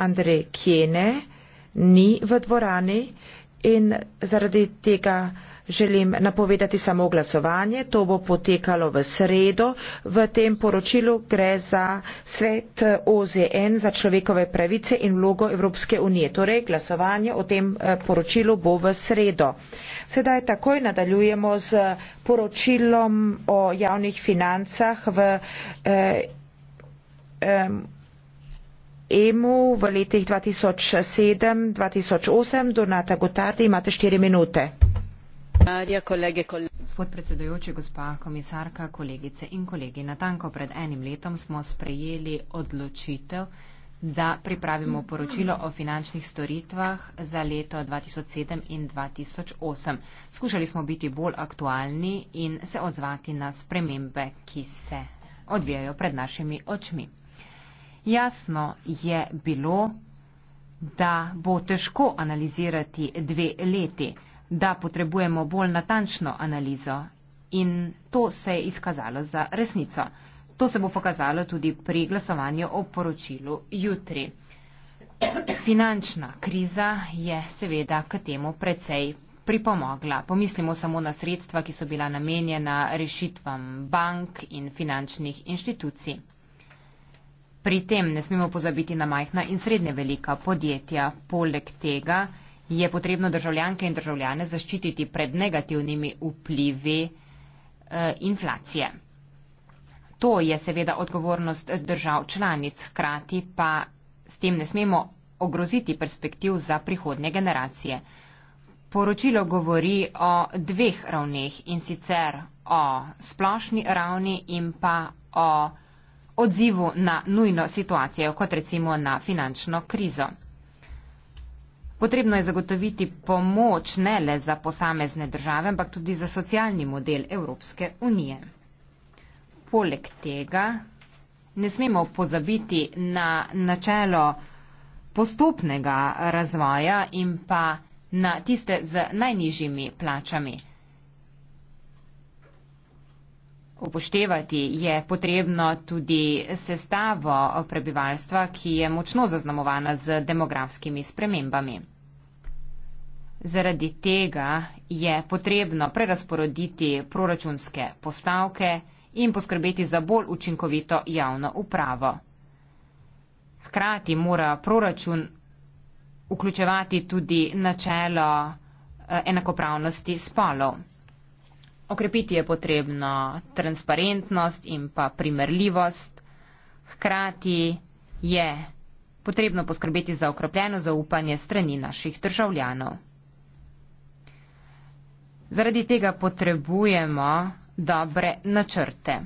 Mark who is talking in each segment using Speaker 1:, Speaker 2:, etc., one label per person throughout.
Speaker 1: Andrej Kjene ni v dvorani in zaradi tega želim napovedati samo glasovanje. To bo potekalo v sredo. V tem poročilu gre za svet OZN za človekove pravice in vlogo Evropske unije. Torej, glasovanje o tem eh, poročilu bo v sredo. Sedaj takoj nadaljujemo z poročilom o javnih financah v eh, eh, emu v letih 2007-2008. Donata Gotardi, imate štiri minute. Gospod predsedujoči, gospa komisarka, kolegice in kolegi, natanko pred enim letom smo sprejeli odločitev, da pripravimo poročilo o finančnih storitvah za leto 2007 in 2008. Skušali smo biti bolj aktualni in se odzvati na spremembe, ki se odvijajo pred našimi očmi. Jasno je bilo, da bo težko analizirati dve leti, da potrebujemo bolj natančno analizo in to se je izkazalo za resnico. To se bo pokazalo tudi pri glasovanju o poročilu jutri. Finančna kriza je seveda k temu precej pripomogla. Pomislimo samo na sredstva, ki so bila namenjena rešitvam bank in finančnih inštitucij. Pri tem ne smemo pozabiti na majhna in srednje velika podjetja. Poleg tega je potrebno državljanke in državljane zaščititi pred negativnimi vplivi eh, inflacije. To je seveda odgovornost držav članic, hkrati pa s tem ne smemo ogroziti perspektiv za prihodnje generacije. Poročilo govori o dveh ravneh in sicer o splošni ravni in pa o odzivu na nujno situacijo, kot recimo na finančno krizo. Potrebno je zagotoviti pomoč ne le za posamezne države, ampak tudi za socialni model Evropske unije. Poleg tega ne smemo pozabiti na načelo postopnega razvoja in pa na tiste z najnižjimi plačami. upoštevati je potrebno tudi sestavo prebivalstva, ki je močno zaznamovana z demografskimi spremembami. Zaradi tega je potrebno prerasporoditi proračunske postavke in poskrbeti za bolj učinkovito javno upravo. Hkrati mora proračun vključevati tudi načelo eh, enakopravnosti spolov. Okrepiti je potrebno transparentnost in pa primerljivost. Hkrati je potrebno poskrbeti za okrepljeno zaupanje strani naših državljanov. Zaradi tega potrebujemo dobre načrte.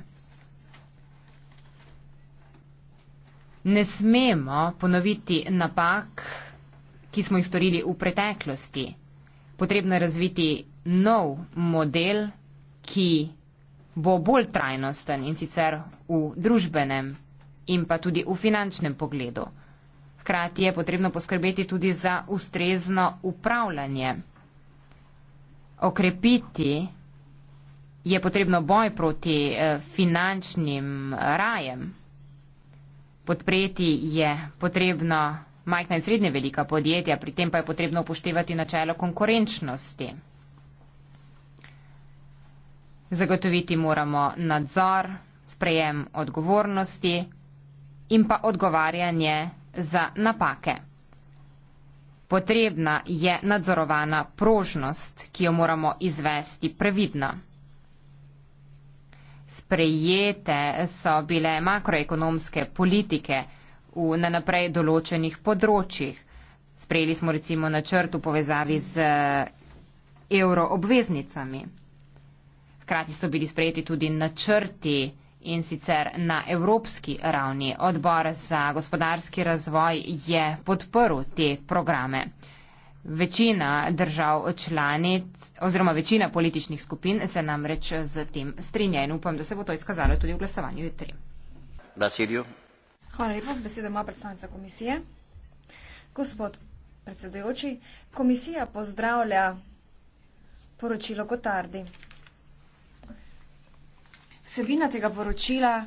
Speaker 1: Ne smemo ponoviti napak, ki smo jih storili v preteklosti. Potrebno je razviti nov model ki bo bolj trajnosten in sicer v družbenem in pa tudi v finančnem pogledu. Hkrati je potrebno poskrbeti tudi za ustrezno upravljanje. Okrepiti je potrebno boj proti eh, finančnim rajem. Podpreti je potrebno majhna in srednje velika podjetja, pri tem pa je potrebno upoštevati načelo konkurenčnosti. Zagotoviti moramo nadzor, sprejem odgovornosti in pa odgovarjanje za napake. Potrebna je nadzorovana prožnost, ki jo moramo izvesti previdno. Sprejete so bile makroekonomske politike v nanaprej določenih področjih. Sprejeli smo recimo načrt v povezavi z evroobveznicami. Hkrati so bili sprejeti tudi načrti in sicer na evropski ravni. Odbor za gospodarski razvoj je podporil te programe. Večina držav članic oziroma večina političnih skupin se namreč z tem strinja in upam, da se bo to izkazalo tudi v glasovanju jutri.
Speaker 2: Hvala lepa. Besedo ima predstavnica komisije. Gospod predsedujoči, komisija pozdravlja poročilo Kotardi vsebina tega poročila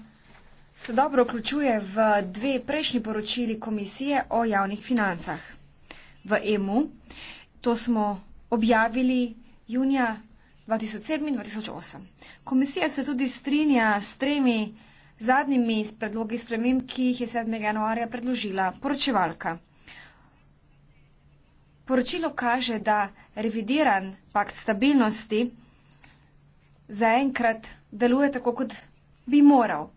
Speaker 2: se dobro vključuje v dve prejšnji poročili Komisije o javnih financah v EMU. To smo objavili junija 2007 in 2008. Komisija se tudi strinja s tremi zadnjimi predlogi sprememb, ki jih je 7. januarja predložila poročevalka. Poročilo kaže, da revidiran pakt stabilnosti zaenkrat deluje tako, kot bi moral.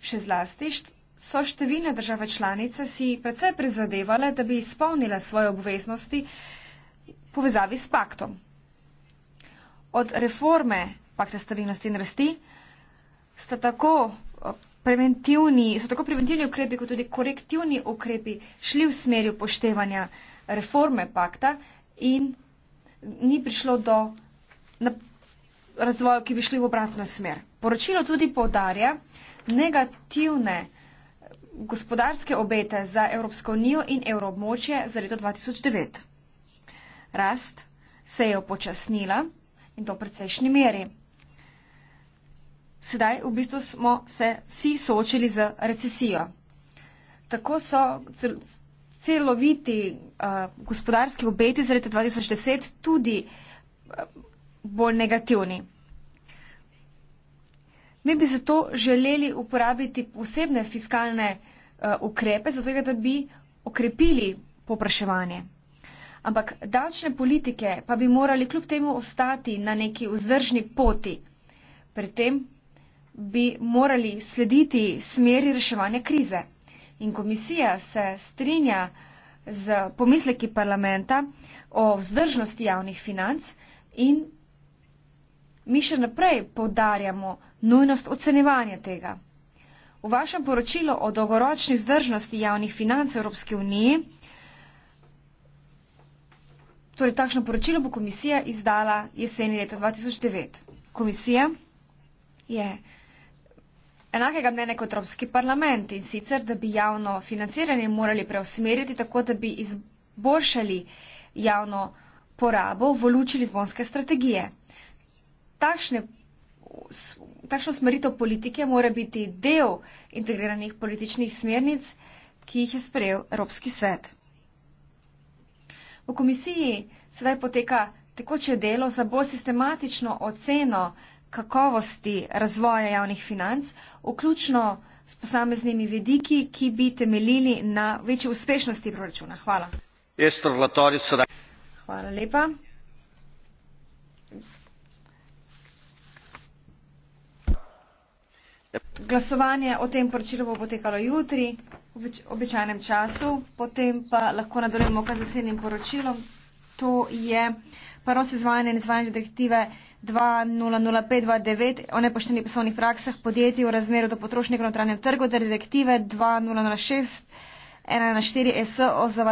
Speaker 2: Še zlasti so številne države članice si predvsej prizadevale, da bi izpolnile svoje obveznosti povezavi s paktom. Od reforme pakta stabilnosti in rasti sta tako eh, preventivni, so tako preventivni ukrepi kot tudi korektivni ukrepi šli v smeri upoštevanja reforme pakta in ni prišlo do razvoju, ki bi šli v obratno smer. Poročilo tudi povdarja negativne gospodarske obete za Evropsko unijo in evroobmočje za leto 2009. Rast se je upočasnila in to v precejšnji meri. Sedaj v bistvu smo se vsi soočili z recesijo. Tako so celoviti uh, gospodarski obeti za leto 2010 tudi uh, bolj negativni. Mi bi zato želeli uporabiti posebne fiskalne uh, ukrepe, zato da bi okrepili popraševanje. Ampak davčne politike pa bi morali kljub temu ostati na neki vzdržni poti. Pri tem bi morali slediti smeri reševanja krize. In komisija se strinja z pomisleki parlamenta o vzdržnosti javnih financ in Mi še naprej povdarjamo nujnost ocenevanja tega. V vašem poročilu o dolgoročni vzdržnosti javnih financ Evropske unije, torej takšno poročilo bo komisija izdala jeseni leta 2009. Komisija je enakega mnenja kot Evropski parlament in sicer, da bi javno financiranje morali preusmeriti tako, da bi izboljšali javno porabo v luči Lizbonske strategije takšne, takšno smeritev politike mora biti del integriranih političnih smernic, ki jih je sprejel Evropski svet. V komisiji sedaj poteka tekoče delo za bolj sistematično oceno kakovosti razvoja javnih financ, vključno s posameznimi vidiki, ki bi temeljili na večji uspešnosti proračuna. Hvala. Hvala lepa. Glasovanje o tem poročilu bo potekalo jutri v običajnem času, potem pa lahko nadaljujemo kar z naslednjim poročilom. To je prenos izvajanja in izvajanja direktive 200529 o nepoštenih poslovnih praksah podjetij v razmeru do potrošnikov na notranjem trgu ter direktive 200614 s o zavarovanju.